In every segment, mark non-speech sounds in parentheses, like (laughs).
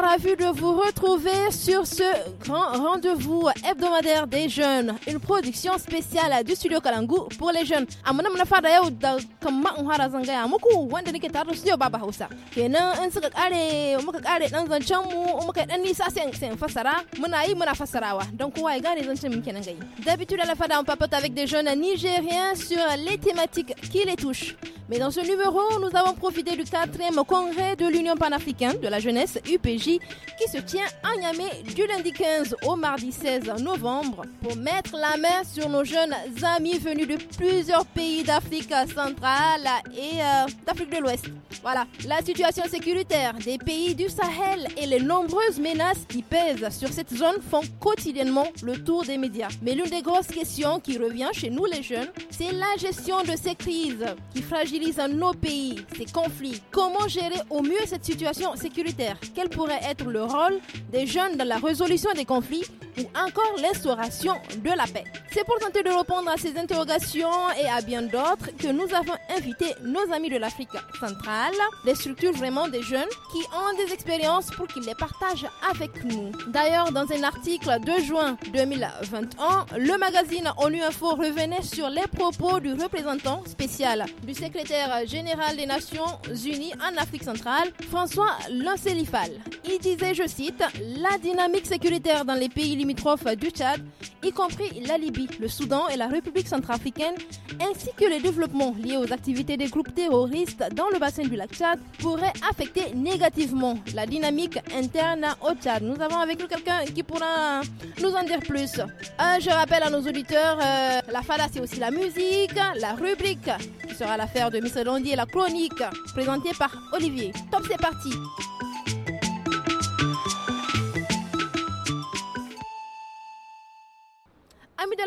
ravi de vous retrouver sur ce grand rendez-vous hebdomadaire des jeunes, une production spéciale du studio Kalangu pour les jeunes. D'habitude à la fada on papote avec des jeunes nigériens sur les thématiques qui les touchent. Mais dans ce numéro, nous avons profité du 4e congrès de l'Union panafricaine de la jeunesse UPJ qui se tient à Yamé du lundi 15 au mardi 16 novembre pour mettre la main sur nos jeunes amis venus de plusieurs pays d'Afrique centrale et euh, d'Afrique de l'Ouest. Voilà, la situation sécuritaire des pays du Sahel et les nombreuses menaces qui pèsent sur cette zone font quotidiennement le tour des médias. Mais l'une des grosses questions qui revient chez nous les jeunes, c'est la gestion de ces crises qui fragilisent nos pays, ces conflits. Comment gérer au mieux cette situation sécuritaire Quelle pourrait être le rôle des jeunes dans la résolution des conflits ou encore l'instauration de la paix. C'est pour tenter de répondre à ces interrogations et à bien d'autres que nous avons invité nos amis de l'Afrique centrale, des structures vraiment des jeunes qui ont des expériences pour qu'ils les partagent avec nous. D'ailleurs, dans un article de juin 2021, le magazine ONU Info revenait sur les propos du représentant spécial du secrétaire général des Nations Unies en Afrique centrale, François Lancelifal. Il disait, je cite, La dynamique sécuritaire dans les pays limitrophes du Tchad, y compris la Libye, le Soudan et la République centrafricaine, ainsi que les développements liés aux activités des groupes terroristes dans le bassin du lac Tchad, pourraient affecter négativement la dynamique interne au Tchad. Nous avons avec nous quelqu'un qui pourra nous en dire plus. Euh, je rappelle à nos auditeurs, euh, la fada c'est aussi la musique, la rubrique qui sera l'affaire de Miss Londi et la chronique présentée par Olivier. Top, c'est parti.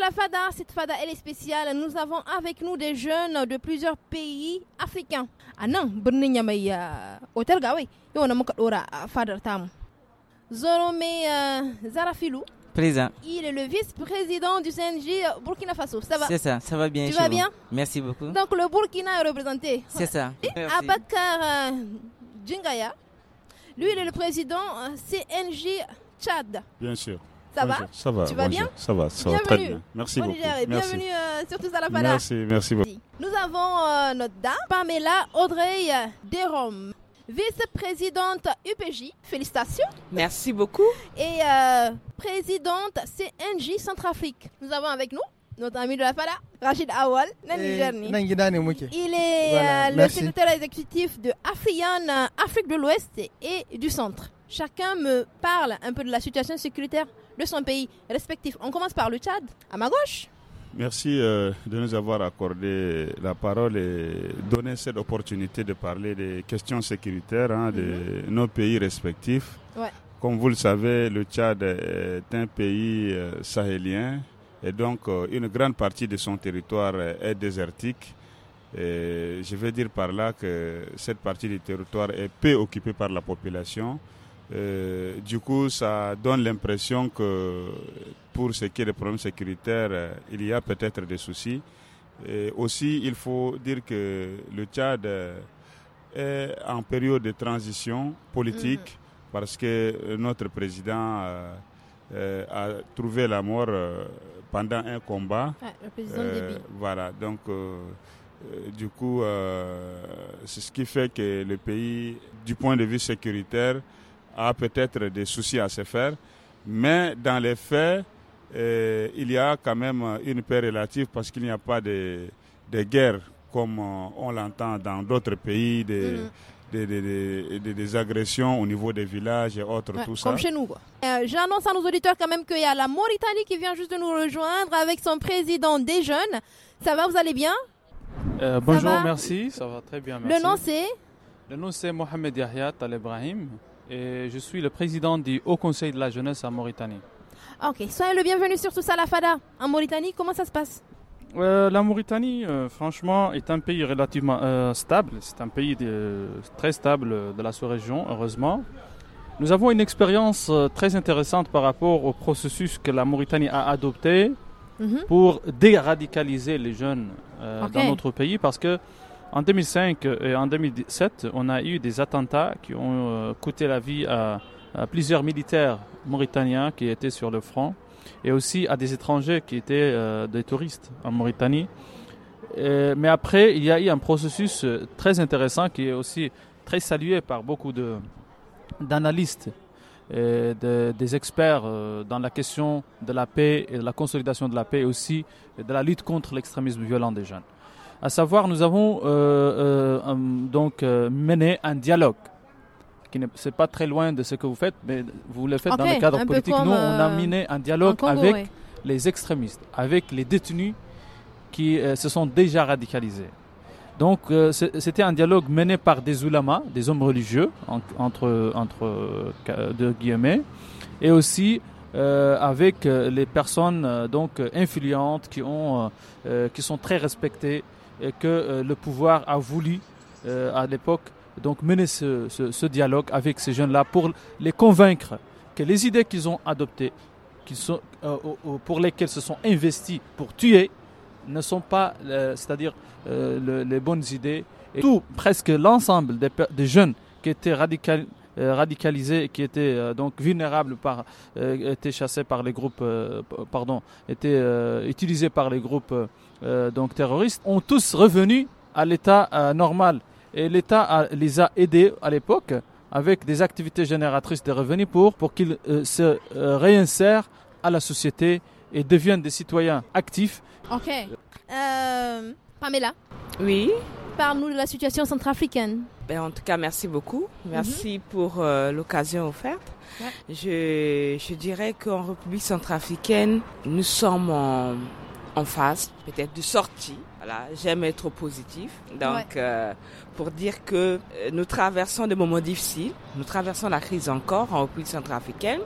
la FADA, cette FADA elle est spéciale. Nous avons avec nous des jeunes de plusieurs pays africains. Ah non, Brninya mai euh, hôtel Yo na muka dora euh, FADA tamu. Zoro euh, Zarafilou. Présent. Il est le vice-président du CNJ Burkina Faso. Ça va C'est ça, ça va bien. Tu vas bien Merci beaucoup. Donc le Burkina est représenté. C'est ça. Abakar Djingaya. Lui, il est le président CNJ Tchad. Bien sûr. Ça va Ça va. Tu vas bien Ça va, ça va très bien. Merci beaucoup. Bienvenue euh, sur Tous à la FALA. Merci, merci beaucoup. Nous avons euh, notre dame, Pamela Audrey Derome, vice-présidente UPJ. Félicitations. Merci beaucoup. Et euh, présidente CNJ Centrafrique. Nous avons avec nous notre ami de la FALA Rachid Awal, eh, Il est le secrétaire exécutif de Afrian, Afrique de l'Ouest et du Centre. Chacun me parle un peu de la situation sécuritaire de son pays respectif. On commence par le Tchad, à ma gauche. Merci euh, de nous avoir accordé la parole et donné cette opportunité de parler des questions sécuritaires hein, de mhm. nos pays respectifs. Comme vous le savez, le Tchad est un pays euh, sahélien et donc euh, une grande partie de son territoire est désertique. je veux dire par là que cette partie du territoire est peu occupée par la population. Euh, du coup, ça donne l'impression que pour ce qui est des problèmes sécuritaires, euh, il y a peut-être des soucis. Et aussi, il faut dire que le Tchad euh, est en période de transition politique mm. parce que notre président a trouvé la mort pendant un combat. Voilà, donc du coup, c'est ce qui fait que le pays, du point de vue sécuritaire, a peut-être des soucis à se faire, mais dans les faits, euh, il y a quand même une paix relative parce qu'il n'y a pas de, guerre comme euh, on l'entend dans d'autres pays, mm-hmm. des, des, agressions au niveau des villages et autres, tout ça. chez nous. Euh, j'annonce à nos auditeurs quand même qu'il y a la Mauritanie qui vient juste de nous rejoindre avec son président des jeunes. Ça va, vous allez bien Bonjour, merci, ça va très bien, Le nom c'est Le nom c'est Mohamed Yahya Talibrahim et je suis le président du Haut Conseil de la jeunesse en Mauritanie. Ok, soyez le bienvenu sur tout ça, la FADA. En Mauritanie, comment ça se passe euh, La Mauritanie, euh, franchement, est un pays relativement euh, stable. C'est un pays très stable de la sous-région, heureusement. Nous avons une expérience très intéressante par rapport au processus que la Mauritanie a adopté mhm. pour déradicaliser les jeunes dans notre pays parce que en 2005 euh, et en 2007, on a eu des attentats qui ont euh, coûté la vie à, plusieurs militaires mauritaniens qui étaient sur le front et aussi à des étrangers qui étaient euh, des touristes en Mauritanie. mais après, il y a eu un processus très intéressant qui est aussi très salué par beaucoup d'analystes et des experts dans la question de la paix et de la consolidation de la paix et aussi de la lutte contre l'extrémisme violent des jeunes à savoir nous avons euh, euh, donc euh, mené un dialogue qui n'est pas très loin de ce que vous faites, mais vous le faites dans le cadre politique. Nous, on a mené un dialogue avec les extrémistes, avec les détenus qui se sont déjà radicalisés. Donc, c'était un dialogue mené par des ulamas, des hommes religieux, entre, entre de guillemets, et aussi avec les personnes donc influentes qui, ont, qui sont très respectées et que euh, le pouvoir a voulu euh, à l'époque donc mener ce, dialogue avec ces jeunes-là pour les convaincre que les idées qu'ils ont adoptées, sont, euh, pour lesquelles se sont investis pour tuer, ne sont pas, c'est-à-dire les bonnes idées. Et tout, presque l'ensemble des, jeunes qui étaient radicalisés, euh, radicalisés qui étaient euh, donc vulnérables par euh, étaient chassés par les groupes pardon étaient utilisés par les groupes donc terroristes ont tous revenu à l'état normal et l'État les a aidés à l'époque avec des activités génératrices de revenus pour, pour qu'ils se réinsèrent à la société et deviennent des citoyens actifs. Ok. Pamela Oui. Parle-nous de la situation centrafricaine. Ben, en tout cas, merci beaucoup. Merci mhm. pour euh, l'occasion offerte. Je, dirais qu'en République centrafricaine, nous sommes en, phase peut-être de sortie. j'aime être positif. Donc, euh, pour dire que euh, nous traversons des moments difficiles, nous traversons la crise encore en République centrafricaine.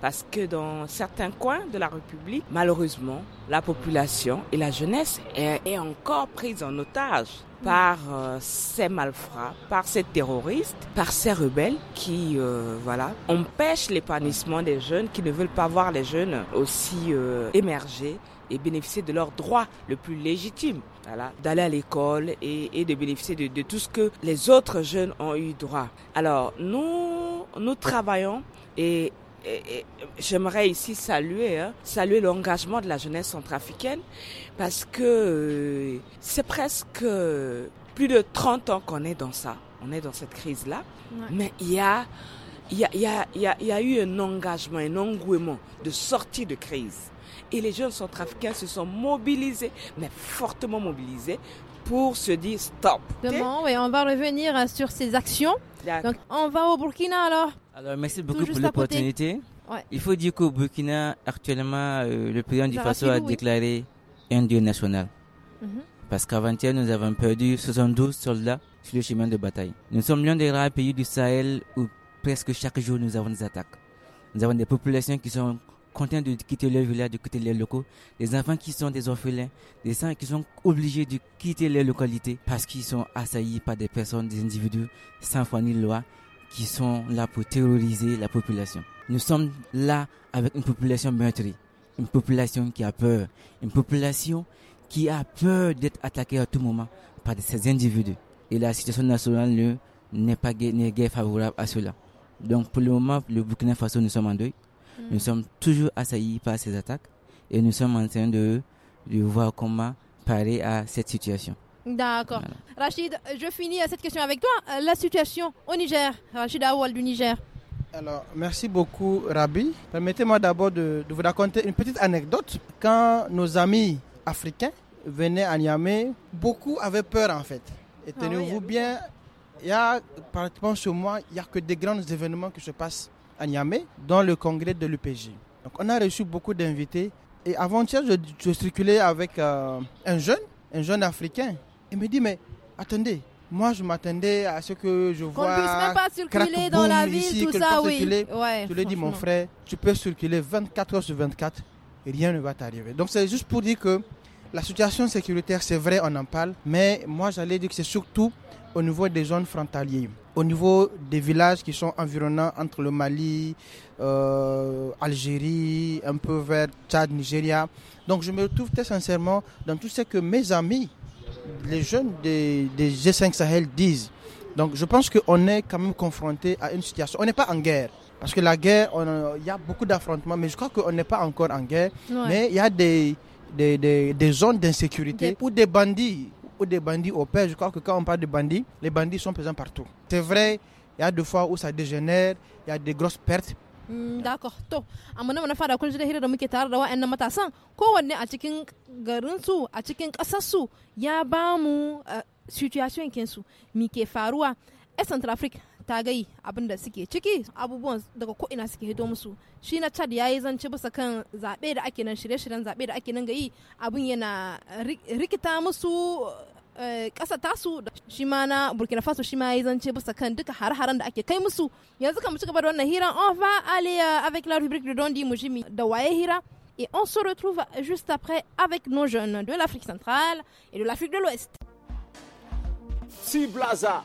Parce que dans certains coins de la République, malheureusement, la population et la jeunesse est, encore prise en otage par euh, ces malfrats, par ces terroristes, par ces rebelles qui, euh, voilà, empêchent l'épanouissement des jeunes, qui ne veulent pas voir les jeunes aussi euh, émerger et bénéficier de leurs droit le plus légitime, voilà, d'aller à l'école et, de bénéficier de, de tout ce que les autres jeunes ont eu droit. Alors, nous, nous travaillons et j'aimerais ici saluer, hein, saluer l'engagement de la jeunesse centrafricaine parce que euh, c'est presque euh, plus de 30 ans qu'on est dans ça, on est dans cette crise-là. Mais il y a y a, y a, eu un engagement, un engouement de sortie de crise. Et les jeunes centrafricains se sont mobilisés, mais fortement mobilisés, pour se dire stop. Demain, on va revenir hein, sur ces actions. Donc, on va au Burkina alors. Alors, merci beaucoup pour l'opportunité. Il faut dire qu'au Burkina, actuellement, euh, le président du Faso a déclaré un dieu national. Mhm. Parce qu'avant-hier, nous avons perdu 72 soldats sur le chemin de bataille. Nous sommes l'un des rares pays du Sahel où presque chaque jour nous avons des attaques. Nous avons des populations qui sont content de quitter leur village, de quitter les locaux, des enfants qui sont des orphelins, des gens qui sont obligés de quitter les localités parce qu'ils sont assaillis par des personnes, des individus sans foi ni loi qui sont là pour terroriser la population. Nous sommes là avec une population meurtrie, une population qui a peur, une population qui a peur d'être attaquée à tout moment par ces individus. Et la situation nationale n'est pas favorable à cela. Donc pour le moment, le Burkina Faso, nous sommes en deuil. Mm. Nous sommes toujours assaillis par ces attaques et nous sommes en train de, voir comment parer à cette situation. D'accord. Rachid, je finis cette question avec toi. Euh, la situation au Niger, Rachid Awal du Niger. Alors, merci beaucoup, Rabi. Permettez-moi d'abord de, vous raconter une petite anecdote. Quand nos amis africains venaient à Niamey, beaucoup avaient peur en fait. Et ah tenez-vous bien, il y a pratiquement chez moi, il n'y a que des grands événements qui se passent à Niamey dans le congrès de l'UPJ. Donc on a reçu beaucoup d'invités et avant-hier je, circulais avec euh, un jeune, un jeune africain. Il me dit mais attendez, moi je m'attendais à ce que je vois. Qu'on puisse même pas circuler dans la ville, tout ça, oui. je lui dis mon frère, tu peux circuler 24 heures sur 24, et rien ne va t'arriver. Donc c'est juste pour dire que la situation sécuritaire, c'est vrai, on en parle, mais moi j'allais dire que c'est surtout au niveau des zones frontalières, au niveau des villages qui sont environnants entre le Mali, euh, Algérie, un peu vers Tchad, Nigeria. Donc je me retrouve très sincèrement dans tout ce que mes amis, les jeunes des, des G5 Sahel disent. Donc je pense qu'on est quand même confronté à une situation. On n'est pas en guerre. Parce que la guerre, il y a beaucoup d'affrontements, mais je crois qu'on n'est pas encore en guerre. Mais il y a des, des, des, des zones d'insécurité pour des bandits ou des bandits père. Je crois que quand on parle de bandits, les bandits sont présents partout. C'est vrai, il y a des fois où ça dégénère, il y a des grosses pertes. Mm, d'accord to amana mana fara kun de da hira da muke tare da wa'annan matasan kowanne a cikin y a cikin su ya ba mu eh, situation kinsu mi ke faruwa en centrafrique Tagai, abin da suke ciki abubuwan daga ko'ina suke hito musu shi na chad ya yi zance bisa kan zaɓe da ake nan shirye-shiryen zaɓe da ake nan gayi abin yana rikita musu eh, ƙasa tasu shi na burkina faso shi ma ya yi zance bisa kan duka har-haren da ake kai musu yanzu kan mu ci gaba da wannan on va aller euh, avec la rubrique de dondi mujimi da waye hira et on se retrouve juste après avec nos jeunes de l'Afrique centrale et de l'Afrique de l'Ouest. Si Blaza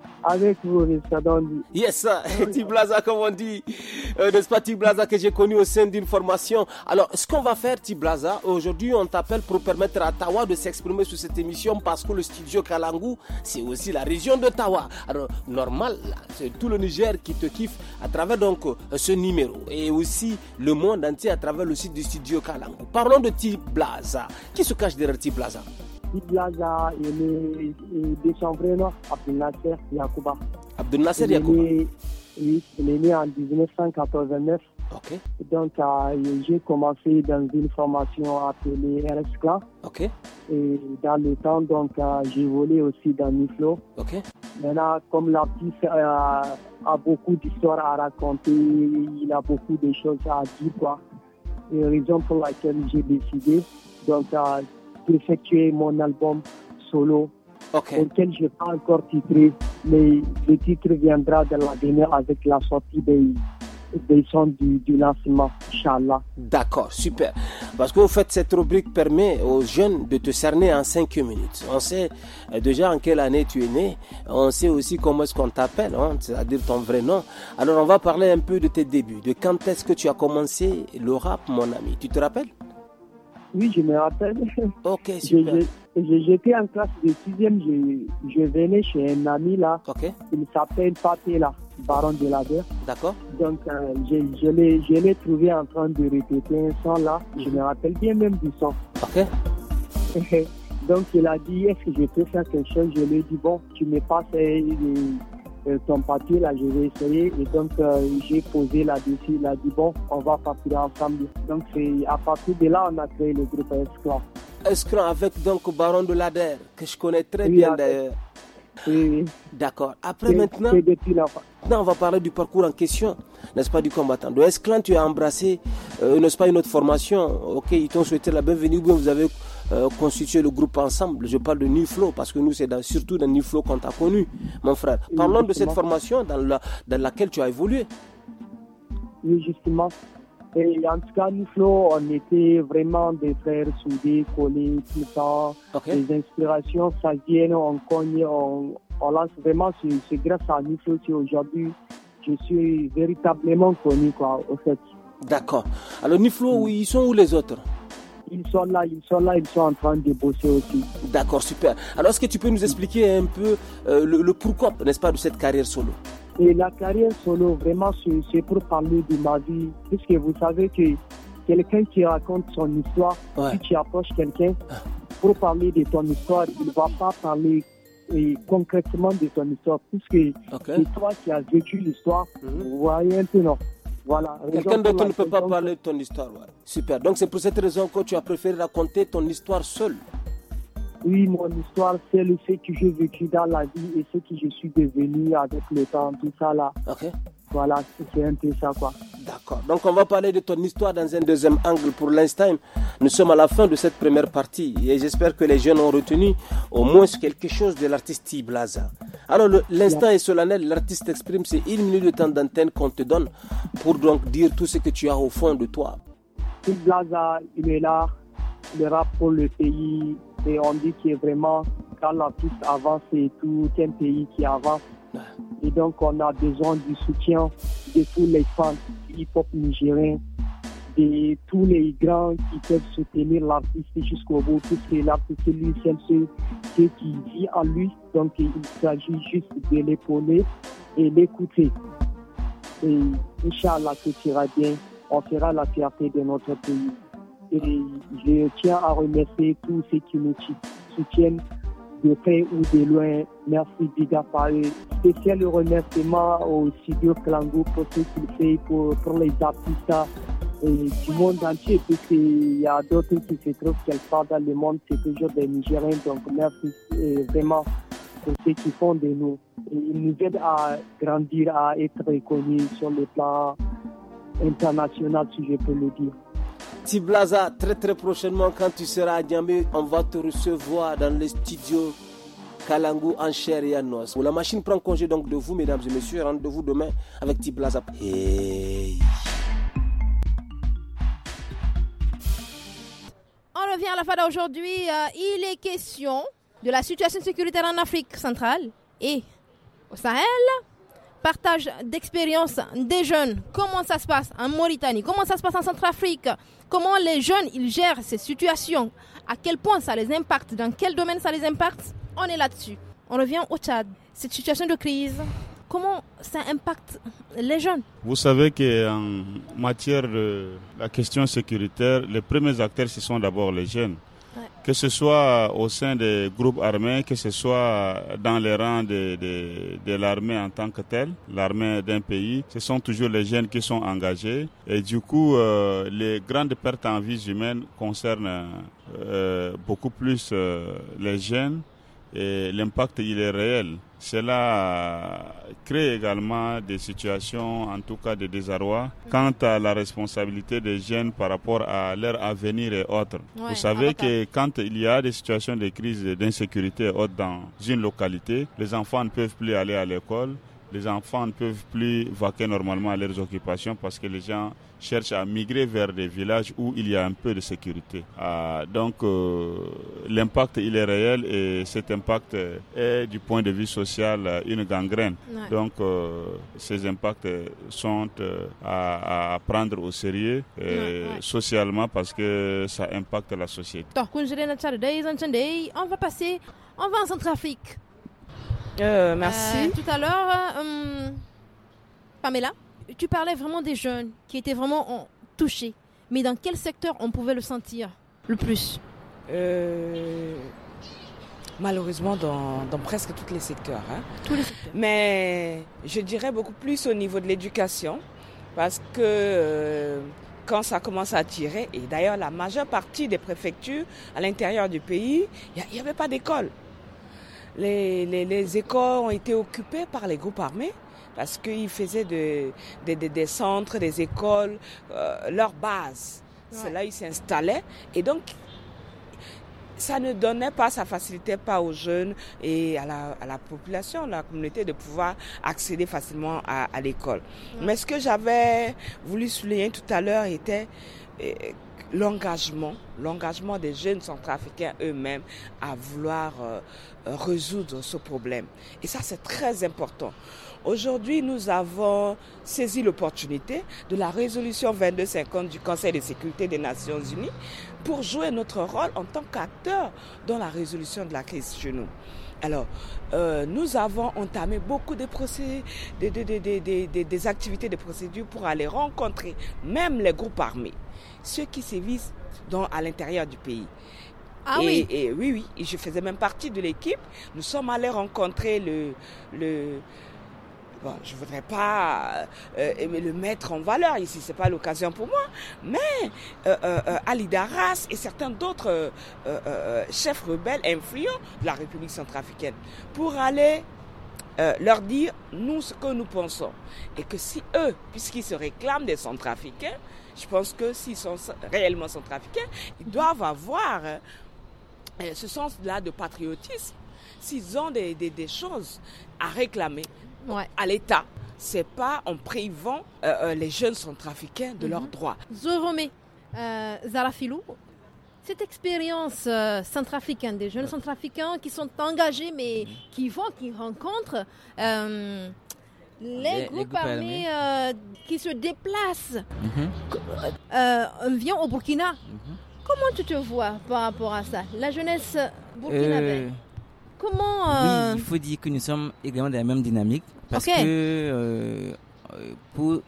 Avec vous, Ristadandi. Yes, (laughs) T-Blaza comme on dit. Euh, n'est-ce pas T-Blaza que j'ai connu au sein d'une formation Alors, ce qu'on va faire, T-Blaza, aujourd'hui, on t'appelle pour permettre à Tawa de s'exprimer sur cette émission parce que le studio Kalangu, c'est aussi la région de Tawa. Alors, normal, c'est tout le Niger qui te kiffe à travers donc euh, ce numéro et aussi le monde entier à travers le site du studio Kalangu. Parlons de T-Blaza. Qui se cache derrière T-Blaza il est Abdel Nasser Yakuba. Abdel Nasser Yakuba Oui, il est né en 1989. Ok. Donc, euh, j'ai commencé dans une formation appelée RSK. Ok. Et dans le temps, donc, euh, j'ai volé aussi dans Niflo. Ok. Maintenant, comme l'artiste euh, a beaucoup d'histoires à raconter, il a beaucoup de choses à dire, quoi. Et raison pour laquelle j'ai décidé, donc, effectuer mon album solo, okay. auquel je n'ai pas encore titré, mais le titre viendra de l'avenir avec la sortie des, des sons du, lancement, Inch'Allah. D'accord, super. Parce que vous faites cette rubrique permet aux jeunes de te cerner en 5 minutes. On sait euh, déjà en quelle année tu es né, on sait aussi comment est-ce qu'on t'appelle, hein, c'est-à-dire ton vrai nom. Alors on va parler un peu de tes débuts, de quand est-ce que tu as commencé le rap, mon ami. Tu te rappelles oui, je me rappelle. Ok, (laughs) super. J'étais en classe de 6e, je, venais chez un ami là. Ok. Il s'appelle Papé là, baron de la guerre. D'accord. Donc, euh, je, je l'ai trouvé en train de répéter un son là. Je mhm. me rappelle bien même du son. Ok. (laughs) Donc, il a dit, est-ce que je peux faire quelque chose Je lui ai dit, bon, tu me passes euh, ton parti, là, je vais essayer. Et donc, euh, j'ai posé là-dessus, il a dit, bon, on va partir ensemble. Donc, à partir de là, on a créé le groupe Esclan. Esclan avec donc Baron de Lader, que je connais très bien d'ailleurs. Oui. D'accord. Après maintenant, on va parler du parcours en question, n'est-ce pas, du combattant. De Esclan, tu as embrassé, euh, n'est-ce pas, une autre formation. Ok, ils t'ont souhaité la bienvenue, vous avez euh, constituer le groupe ensemble. Je parle de Niflo, parce que nous, c'est surtout dans Niflo qu'on t'a connu, mon frère. Parlons de cette formation dans, la, dans laquelle tu as évolué. Oui, justement. Et en tout cas, Niflo, on était vraiment des frères soudés, collés tout le temps. Les inspirations, ça vient, on cogne, on, lance vraiment. C'est grâce à Niflo qu'aujourd'hui, je suis véritablement connu, quoi, au fait. D'accord. Alors, Niflo, mm. où ils sont où les autres ils sont là, ils sont là, ils sont en train de bosser aussi. D'accord, super. Alors, est-ce que tu peux nous expliquer un peu euh, le, pourquoi, n'est-ce pas, de cette carrière solo Et la carrière solo, vraiment, c'est pour parler de ma vie, puisque vous savez que quelqu'un qui raconte son histoire, si tu approches quelqu'un pour parler de ton histoire, il ne va pas parler euh, concrètement de ton histoire, puisque c'est toi qui as vécu l'histoire. Mhm. Vous voyez un peu, non voilà, Quelqu'un d'autre ne peut pas parler de ton histoire. Super. Donc c'est pour cette raison que tu as préféré raconter ton histoire seule. Oui, mon histoire, c'est le fait que j'ai vécu dans la vie et ce que je suis devenu avec le temps, tout ça là. Voilà, c'est un peu ça quoi. D'accord. Donc on va parler de ton histoire dans un deuxième angle pour l'instant. Nous sommes à la fin de cette première partie et j'espère que les jeunes ont retenu au moins quelque chose de l'artiste Blaza. Alors l'instant est solennel, l'artiste exprime c'est une minute de temps d'antenne qu'on te donne pour donc dire tout ce que tu as au fond de toi. t Blaza, il est là, il rap pour le pays et on dit qu'il est vraiment quand l'artiste avance et tout un pays qui avance. Et donc, on a besoin du soutien de tous les fans hip-hop nigériens, de tous les grands qui peuvent soutenir l'artiste jusqu'au bout, que l'artiste lui, c'est ce qui vit à lui. Donc, il s'agit juste de l'épauler et l'écouter. Et Inch'Allah, tout ira bien. On fera la fierté de notre pays. Et je tiens à remercier tous ceux qui nous soutiennent de près ou de loin. Merci Biga Paris. Spécial remerciement au studio Klango pour ce qu'il fait pour, les artistes du monde entier, il y a d'autres qui se trouvent quelque part dans le monde, c'est toujours des Nigériens. Donc merci euh, vraiment pour ce qu'ils font de nous. ils nous aident à grandir, à être reconnus sur le plan international, si je peux le dire. Tiblaza, très très prochainement, quand tu seras à Djamé, on va te recevoir dans les studios Kalangu en chair et en os. La machine prend congé donc de vous, mesdames et messieurs. Rendez-vous demain avec Tiblaza. On revient à la fin d'aujourd'hui. Euh, il est question de la situation sécuritaire en Afrique centrale et au Sahel partage d'expérience des jeunes. Comment ça se passe en Mauritanie Comment ça se passe en Centrafrique Comment les jeunes ils gèrent ces situations À quel point ça les impacte Dans quel domaine ça les impacte On est là-dessus. On revient au Tchad. Cette situation de crise, comment ça impacte les jeunes Vous savez qu'en matière de la question sécuritaire, les premiers acteurs, ce sont d'abord les jeunes que ce soit au sein des groupes armés, que ce soit dans les rangs de, de, l'armée en tant que telle, l'armée d'un pays, ce sont toujours les jeunes qui sont engagés. Et du coup, euh, les grandes pertes en vie humaine concernent euh, beaucoup plus euh, les jeunes l'impact il est réel. Cela euh, crée également des situations, en tout cas de désarroi, quant à la responsabilité des jeunes par rapport à leur avenir et autres. Vous savez que quand il y a des situations de crise, d'insécurité et autres dans une localité, les enfants ne peuvent plus aller à l'école les enfants ne peuvent plus vaquer normalement à leurs occupations parce que les gens cherchent à migrer vers des villages où il y a un peu de sécurité. Ah, donc euh, l'impact, il est réel et cet impact est du point de vue social une gangrène. Donc euh, ces impacts sont euh, à, prendre au sérieux socialement parce que ça impacte la société. On va passer, on va en Centrafrique. Euh, merci. Euh, tout à l'heure, euh, hum, Pamela, tu parlais vraiment des jeunes qui étaient vraiment touchés. Mais dans quel secteur on pouvait le sentir le plus Malheureusement, dans, presque hein. tous les secteurs. Mais je dirais beaucoup plus au niveau de l'éducation, parce que quand ça commence à tirer, et d'ailleurs la majeure partie des préfectures à l'intérieur du pays, il n'y avait pas d'école les, les, écoles ont été occupées par les groupes armés parce qu'ils faisaient de, des centres, des écoles, euh, leur base. C'est là ils s'installaient. Et donc, ça ne donnait pas, ça facilitait pas aux jeunes et à la, à la population, la communauté, de pouvoir accéder facilement à, l'école. Mais ce que j'avais voulu souligner tout à l'heure était... Euh, l'engagement, l'engagement des jeunes centrafricains eux-mêmes à vouloir euh, euh, résoudre ce problème. Et ça, c'est très important. Aujourd'hui, nous avons saisi l'opportunité de la résolution 2250 du Conseil de sécurité des Nations Unies pour jouer notre rôle en tant qu'acteur dans la résolution de la crise chez nous. Alors, euh, nous avons entamé beaucoup de procès, des activités des procédures pour aller rencontrer même les groupes armés, ceux qui sévissent dans, à l'intérieur du pays. Ah oui. Et, oui, oui, je faisais même partie de l'équipe. Nous sommes allés rencontrer le, le, bon, je voudrais pas euh, euh, le mettre en valeur ici, ce n'est pas l'occasion pour moi, mais euh, euh Ali Daras et certains d'autres chefs rebelles influents de la République centrafricaine pour aller leur dire nous ce que nous pensons et que si eux, puisqu'ils se réclament des centrafricains, je pense que s'ils sont réellement centrafricains, ils doivent avoir ce sens-là de patriotisme s'ils ont des, choses à réclamer, à l'État. Ce n'est pas en privant euh, euh, les jeunes centrafricains de leurs mhm. droits. Zoromé euh, Zarafilou, cette expérience euh, centrafricaine, des jeunes centrafricains qui sont engagés, mais mhm. qui vont, qui rencontrent les, groupes armés, qui se déplacent, mm au Burkina. Mhm. Comment tu te vois par rapport à ça La jeunesse burkinabé oui, euh, il faut dire que nous sommes également dans la même dynamique parce que euh, euh, pour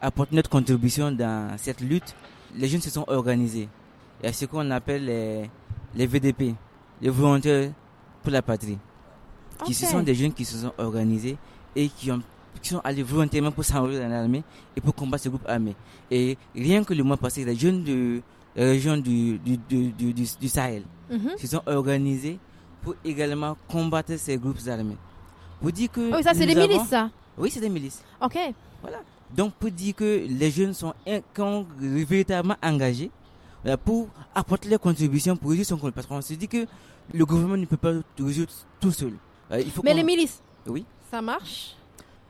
apporter notre contribution dans cette lutte, les jeunes se sont organisés. Il y a ce qu'on appelle les, VDP, les volontaires pour la patrie, qui ce sont des jeunes qui se sont organisés et qui ont qui sont allés volontairement pour s'enrôler dans l'armée et pour combattre ce groupe armé. Et rien que le mois passé, les jeunes de la région du, du, du, du, Sahel mhm. se sont organisés pour également combattre ces groupes armés. Vous dites que. Oui, oh, ça, c'est des milices, ça Oui, c'est des milices. OK. Voilà. Donc, pour dire que les jeunes sont, véritablement engagés euh, pour apporter leurs contributions pour résoudre son problème. Parce qu'on se dit que le gouvernement ne peut pas résoudre tout seul. Euh, il faut Mais les milices Oui. Ça marche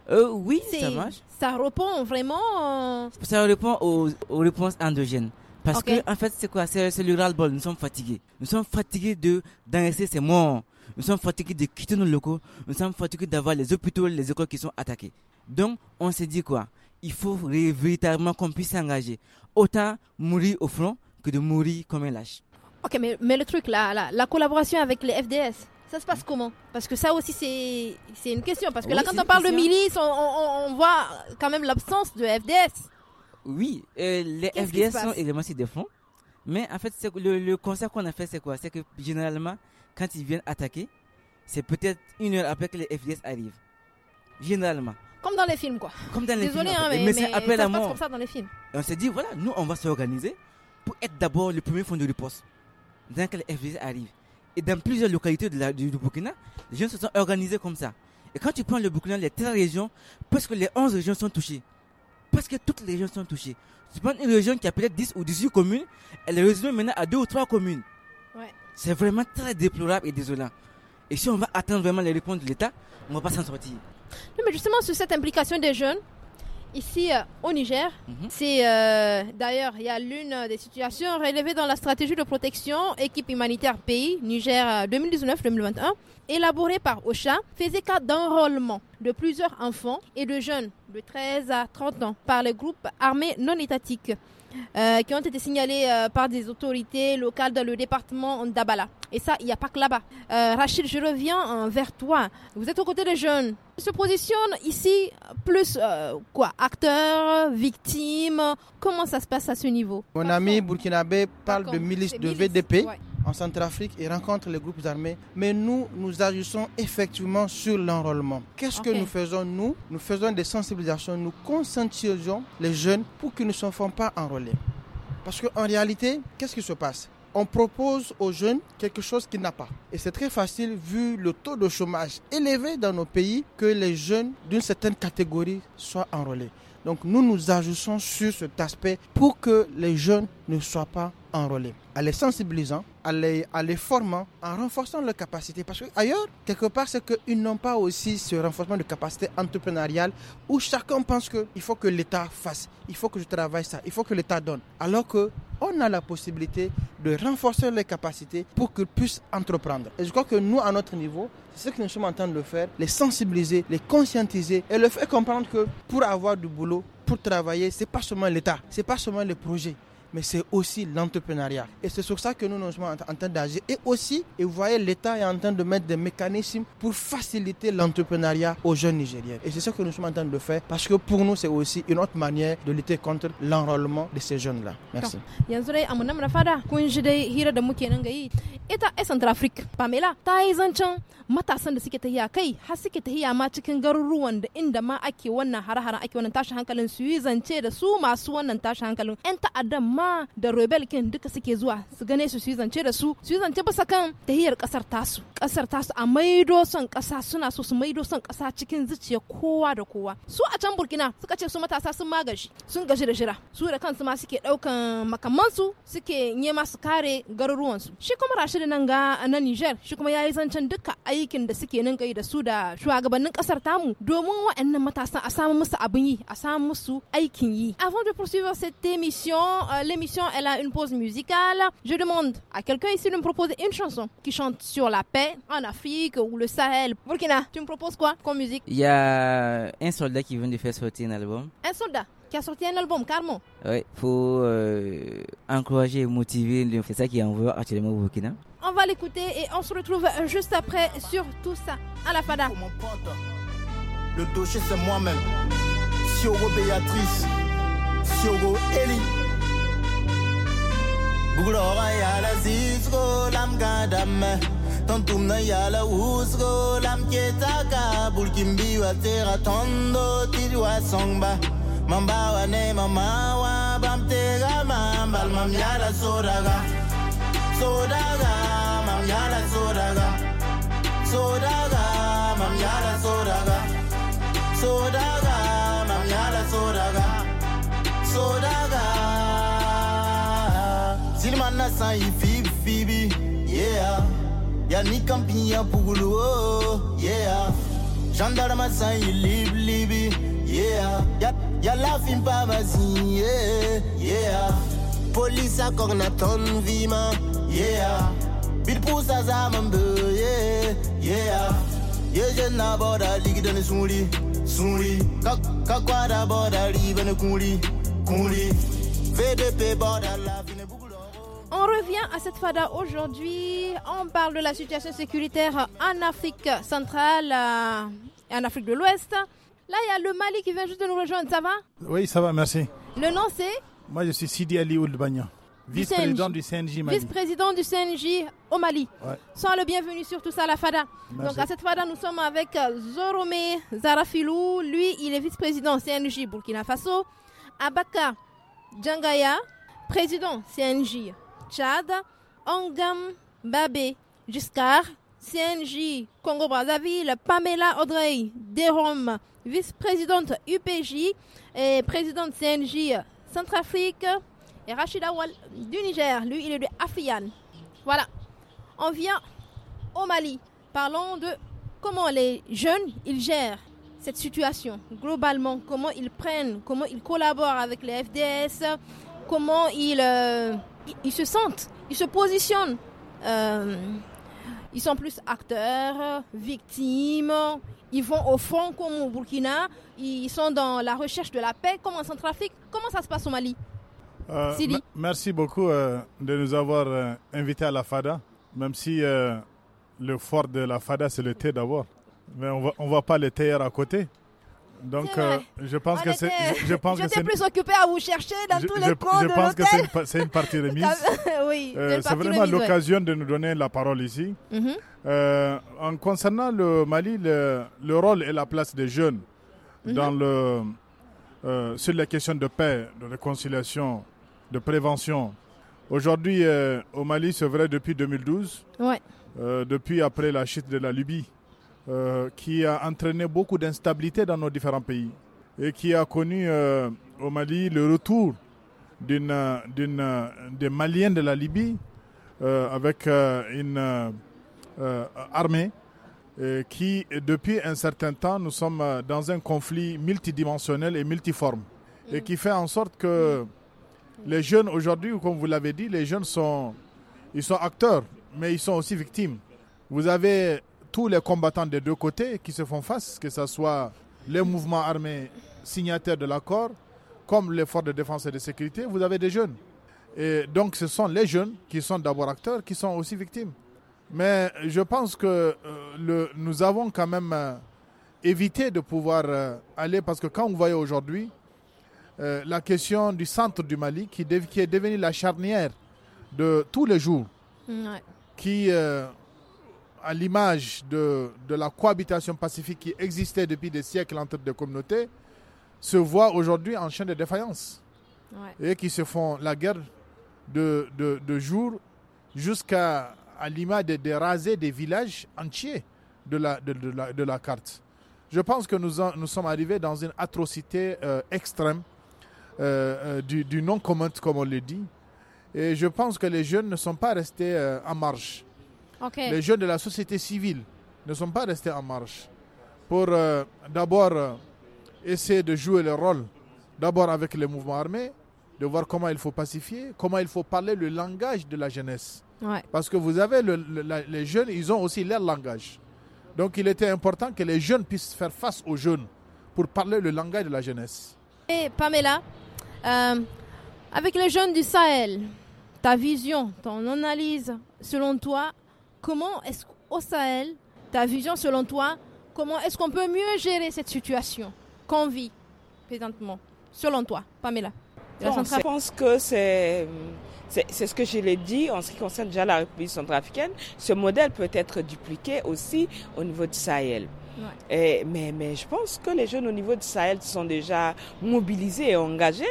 euh, Oui, ça marche. Ça répond vraiment. Euh, ça répond aux réponses endogènes. Parce que, en fait, c'est quoi C'est le ras-le-bol. Nous sommes fatigués. Nous sommes fatigués de ces morts. Nous sommes fatigués de quitter nos locaux. Nous sommes fatigués d'avoir les hôpitaux, les écoles qui sont attaqués. Donc, on s'est dit quoi Il faut véritablement qu'on puisse s'engager. Autant mourir au front que de mourir comme un lâche. Ok, mais, le truc, là, la, collaboration avec les FDS, ça se passe comment Parce que ça aussi, c'est une question. Parce que là, quand on parle de milice, on, on voit quand même l'absence de FDS. Oui, euh, les FDS sont également sur des fonds. Mais en fait, le, le qu'on a fait, c'est quoi C'est que généralement, quand ils viennent attaquer, c'est peut-être une heure après que les FDS arrivent. Généralement. Comme dans les films, quoi. Comme dans les Désolé, hein, mais, mais, ça passe comme ça dans les films. on s'est dit, voilà, nous, on va s'organiser pour être d'abord le premier fonds de riposte. Dès que les FDS arrivent. Et dans plusieurs localités de la, du, du, Burkina, les gens se sont organisés comme ça. Et quand tu prends le Burkina, les 13 régions, presque les 11 régions sont touchées. Parce que toutes les régions sont touchées. Tu prends une région qui a peut-être 10 ou 18 communes, elle est maintenant à 2 ou 3 communes. C'est vraiment très déplorable et désolant. Et si on va attendre vraiment les réponses de l'État, on ne va pas s'en sortir. Non, mais justement, sur cette implication des jeunes, ici euh, au Niger. Mhm. C'est euh, d'ailleurs il y a l'une des situations relevées dans la stratégie de protection équipe humanitaire pays Niger 2019-2021 euh, élaborée par OCHA faisait cas d'enrôlement de plusieurs enfants et de jeunes de 13 à 30 ans par les groupes armés non étatiques euh, qui ont été signalés euh, par des autorités locales dans le département d'Abala. Et ça, il n'y a pas que là-bas. Euh, Rachid, je reviens vers toi. Vous êtes aux côtés des jeunes. Se positionne ici plus euh, quoi Acteurs, victimes Comment ça se passe à ce niveau Mon ami burkinabé parle de milice de VDP en Centrafrique et rencontre les groupes armés. Mais nous, nous agissons effectivement sur l'enrôlement. Qu'est-ce que nous faisons, nous Nous faisons des sensibilisations, nous conscientisons les jeunes pour qu'ils ne se font pas enrôler. Parce qu'en réalité, qu'est-ce qui se passe on propose aux jeunes quelque chose qu'ils n'ont pas. Et c'est très facile, vu le taux de chômage élevé dans nos pays, que les jeunes d'une certaine catégorie soient enrôlés. Donc nous nous agissons sur cet aspect pour que les jeunes ne soient pas en relais, les sensibilisant, en les, les formant, en renforçant leurs capacités. Parce que ailleurs, quelque part, c'est qu'ils n'ont pas aussi ce renforcement de capacité entrepreneuriale où chacun pense qu'il faut que l'État fasse, il faut que je travaille ça, il faut que l'État donne. Alors que on a la possibilité de renforcer les capacités pour qu'ils puissent entreprendre. Et je crois que nous, à notre niveau, c'est ce que nous sommes en train de faire, les sensibiliser, les conscientiser et leur faire comprendre que pour avoir du boulot, pour travailler, c'est pas seulement l'État, c'est pas seulement les projets, mais c'est aussi l'entrepreneuriat. Et c'est sur ça que nous, nous sommes en train d'agir. Et aussi, et vous voyez, l'État est en train de mettre des mécanismes pour faciliter l'entrepreneuriat aux jeunes Nigériens. Et c'est ce que nous sommes en train de faire parce que pour nous, c'est aussi une autre manière de lutter contre l'enrôlement de ces jeunes-là. Merci. matasan da suke tahiya kai har suke tahiya ma cikin garuruwan da inda ma ake wannan hare-haren ake wannan tashin hankalin su yi zance da su masu wannan tashin hankalin yan ta'addan ma da rebel kin duka suke zuwa su gane su su yi zance da su su yi zance bisa kan tahiyar kasar tasu kasar tasu a maido son kasa suna so su maido son kasa cikin zuciya kowa da kowa su a can burkina suka ce su matasa sun magashi sun gashi da shira su da kansu ma suke daukan makamansu suke nema su kare garuruwansu shi kuma rashidi nan ga nan niger shi kuma yi zancen duka avant de poursuivre cette émission euh, l'émission elle a une pause musicale je demande à quelqu'un ici de me proposer une chanson qui chante sur la paix en Afrique ou le Sahel Burkina tu me proposes quoi comme musique il y a un soldat qui vient de faire sortir un album un soldat qui a sorti un album, carrément. Oui, pour euh, encourager et motiver, c'est ça qui est en actuellement au Burkina. On va l'écouter et on se retrouve juste après sur tout ça à la fada. Le dossier c'est moi-même. Sioro Béatrice. Sioro Eli. Gulora la zizgo lam gadame. ya yala uzgo lam kietaka. Bulkimbi wa tera tondo tidwa songba. wa ne mamawa bamtega mambal mam la soraga. sodaga mamnyala sodaga sodaga mamnyala sodaga sodaga mamnyala sodaga sodaga silimana san yi fibifibi yeah yani kampiya pugulu oh yeah gendarme san yi libi, yeah yalafin pabazin yeah yeah police akɔg na tɔn vima yeah on revient à cette fada aujourd'hui. On parle de la situation sécuritaire en Afrique centrale et euh, en Afrique de l'Ouest. Là, il y a le Mali qui vient juste de nous rejoindre. Ça va Oui, ça va, merci. Le nom, c'est Moi, je suis Sidi Ali Oulbagna. Vice-président du CNJ président du CNJ au Mali. Sois le bienvenu sur tout ça à la FADA. Donc à cette FADA, nous sommes avec euh, Zoromé Zarafilou. Lui, il est vice-président CNJ Burkina Faso. Abaka Djangaya, président CNJ Tchad. Ongam Babé Giscard, CNJ Congo-Brazzaville. Pamela Audrey Derom, vice-présidente UPJ et présidente CNJ Centrafrique. Et Rachid Awal du Niger, lui, il est de Afriane. Voilà. On vient au Mali. Parlons de comment les jeunes, ils gèrent cette situation globalement, comment ils prennent, comment ils collaborent avec les FDS, comment euh, ils, ils se sentent, ils se positionnent. Euh, ils sont plus acteurs, victimes, ils vont au front comme au Burkina, ils sont dans la recherche de la paix ça en Centrafrique. Comment ça se passe au Mali euh, merci beaucoup euh, de nous avoir invité euh, invités à la FADA, même si le fort de la FADA, c'est le thé d'abord. Mais on ne voit pas le thé à côté. Donc, je pense que c'est. Je, pense J'étais plus occupé à vous chercher dans tous les je pense que c'est une, partie remise. c'est vraiment l'occasion de nous donner la parole ici. Mhm. en concernant le Mali, le, rôle et la place des jeunes mhm. dans le, sur les questions de paix, de réconciliation, de prévention. Aujourd'hui, euh, au Mali, c'est vrai depuis 2012, euh, depuis après la chute de la Libye, euh, qui a entraîné beaucoup d'instabilité dans nos différents pays et qui a connu au Mali le retour d'une, d'une, des Maliens de la Libye avec une armée qui, depuis un certain temps, nous sommes dans un conflit multidimensionnel et multiforme et mm. qui fait en sorte que... Mm les jeunes aujourd'hui, comme vous l'avez dit, les jeunes sont, ils sont acteurs, mais ils sont aussi victimes. Vous avez tous les combattants des deux côtés qui se font face, que ce soit les mouvements armés signataires de l'accord, comme les forces de défense et de sécurité, vous avez des jeunes. Et donc ce sont les jeunes qui sont d'abord acteurs, qui sont aussi victimes. Mais je pense que euh, le, nous avons quand même euh, évité de pouvoir euh, aller, parce que quand vous voyez aujourd'hui, euh, la question du centre du Mali qui, est devenue la charnière de tous les jours, mm, qui, euh, à l'image de, la cohabitation pacifique qui existait depuis des siècles entre des communautés, se voit aujourd'hui en chaîne de défaillance et qui se font la guerre de, de, jour jusqu'à à, l'image de, de, raser des villages entiers de la, de, la, carte. Je pense que nous, nous sommes arrivés dans une atrocité euh, extrême euh, euh, du, non-comment, comme on le dit. Et je pense que les jeunes ne sont pas restés euh, en marche Les jeunes de la société civile ne sont pas restés en marche pour d'abord essayer de jouer le rôle, d'abord avec les mouvements armés, de voir comment il faut pacifier, comment il faut parler le langage de la jeunesse. Parce que vous avez les jeunes, ils ont aussi leur langage. Donc il était important que les jeunes puissent faire face aux jeunes pour parler le langage de la jeunesse. Et Pamela, euh, avec les jeunes du Sahel, ta vision, ton analyse, selon toi, comment est-ce qu'au Sahel, ta vision selon toi, comment est-ce qu'on peut mieux gérer cette situation qu'on vit présentement, selon toi, Pamela je pense que c'est, c'est, ce que je l'ai dit en ce qui concerne déjà la République centrafricaine. Ce modèle peut être dupliqué aussi au niveau du Sahel mais, mais je pense que les jeunes au niveau du Sahel sont déjà mobilisés et engagés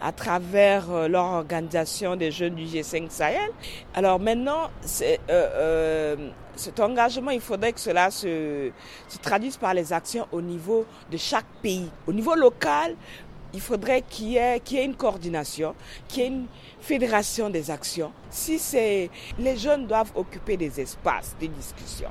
à travers leur organisation des jeunes du G5 Sahel. Alors maintenant, c'est, euh, euh, cet engagement, il faudrait que cela se, traduise par les actions au niveau de chaque pays. Au niveau local, il faudrait qu'il y, ait, une coordination, qu'il y ait une fédération des actions. Si c'est, les jeunes doivent occuper des espaces de discussion.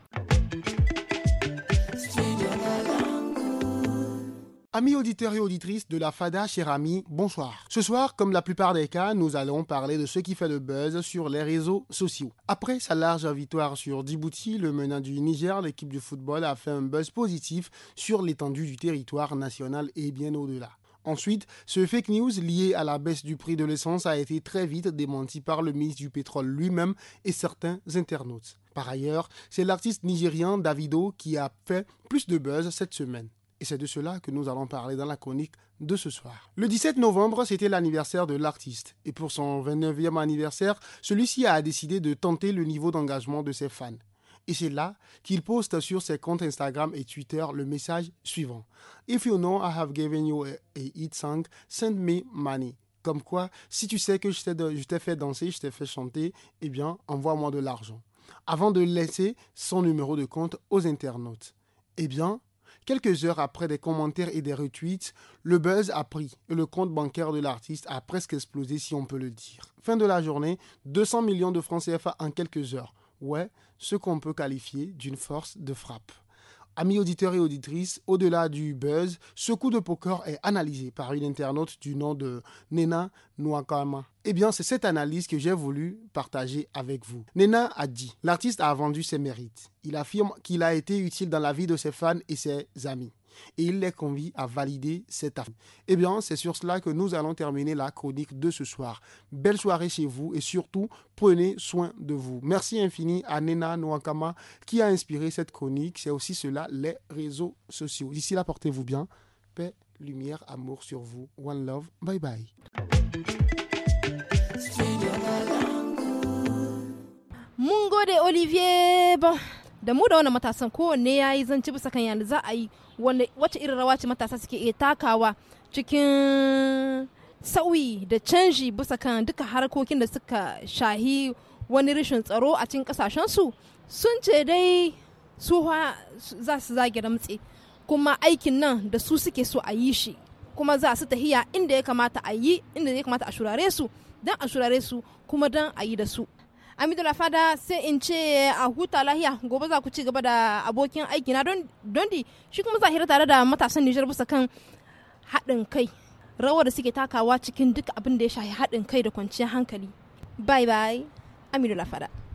Amis auditeurs et auditrices de la FADA, chers amis, bonsoir. Ce soir, comme la plupart des cas, nous allons parler de ce qui fait le buzz sur les réseaux sociaux. Après sa large victoire sur Djibouti, le menant du Niger, l'équipe de football a fait un buzz positif sur l'étendue du territoire national et bien au-delà. Ensuite, ce fake news lié à la baisse du prix de l'essence a été très vite démenti par le ministre du Pétrole lui-même et certains internautes. Par ailleurs, c'est l'artiste nigérien Davido qui a fait plus de buzz cette semaine. Et c'est de cela que nous allons parler dans la chronique de ce soir. Le 17 novembre, c'était l'anniversaire de l'artiste. Et pour son 29e anniversaire, celui-ci a décidé de tenter le niveau d'engagement de ses fans. Et c'est là qu'il poste sur ses comptes Instagram et Twitter le message suivant. If you know I have given you a, hit song, send me money. Comme quoi, si tu sais que je t'ai fait danser, je t'ai fait chanter, eh bien, envoie-moi de l'argent. Avant de laisser son numéro de compte aux internautes. Eh bien, Quelques heures après des commentaires et des retweets, le buzz a pris et le compte bancaire de l'artiste a presque explosé si on peut le dire. Fin de la journée, 200 millions de francs CFA en quelques heures. Ouais, ce qu'on peut qualifier d'une force de frappe. Amis auditeurs et auditrices, au-delà du buzz, ce coup de poker est analysé par une internaute du nom de Nena Nwakama. Eh bien, c'est cette analyse que j'ai voulu partager avec vous. Nena a dit L'artiste a vendu ses mérites. Il affirme qu'il a été utile dans la vie de ses fans et ses amis et il les convie à valider cette affaire. Eh bien, c'est sur cela que nous allons terminer la chronique de ce soir. Belle soirée chez vous et surtout, prenez soin de vous. Merci infini à Nena Noakama qui a inspiré cette chronique. C'est aussi cela, les réseaux sociaux. D'ici là, portez-vous bien. Paix, lumière, amour sur vous. One love. Bye bye. Mungo de Olivier. da mu da wannan matasan kowanne ya yi zanci bisa kan yana za a yi wacce irin rawa ce matasa suke iya takawa cikin sauyi da canji bisa kan duka harkokin da suka shahi wani rashin tsaro a cikin kasashensu sun ce dai su za su zage mutse kuma aikin nan da su suke so a yi shi kuma za su tahiya inda ya kamata a yi inda ya kamata a shurare su don a shurare su kuma don a yi da su Amidu Lafada sai in ce a huta lahiya gobe za ku ci gaba da abokin aiki na don di shi kuma zahira tare da matasan Nijar bisa kan haɗin kai rawar da suke takawa cikin duk abin da ya shafi haɗin kai da kwanciyar hankali. Bye bye Amidu Lafada.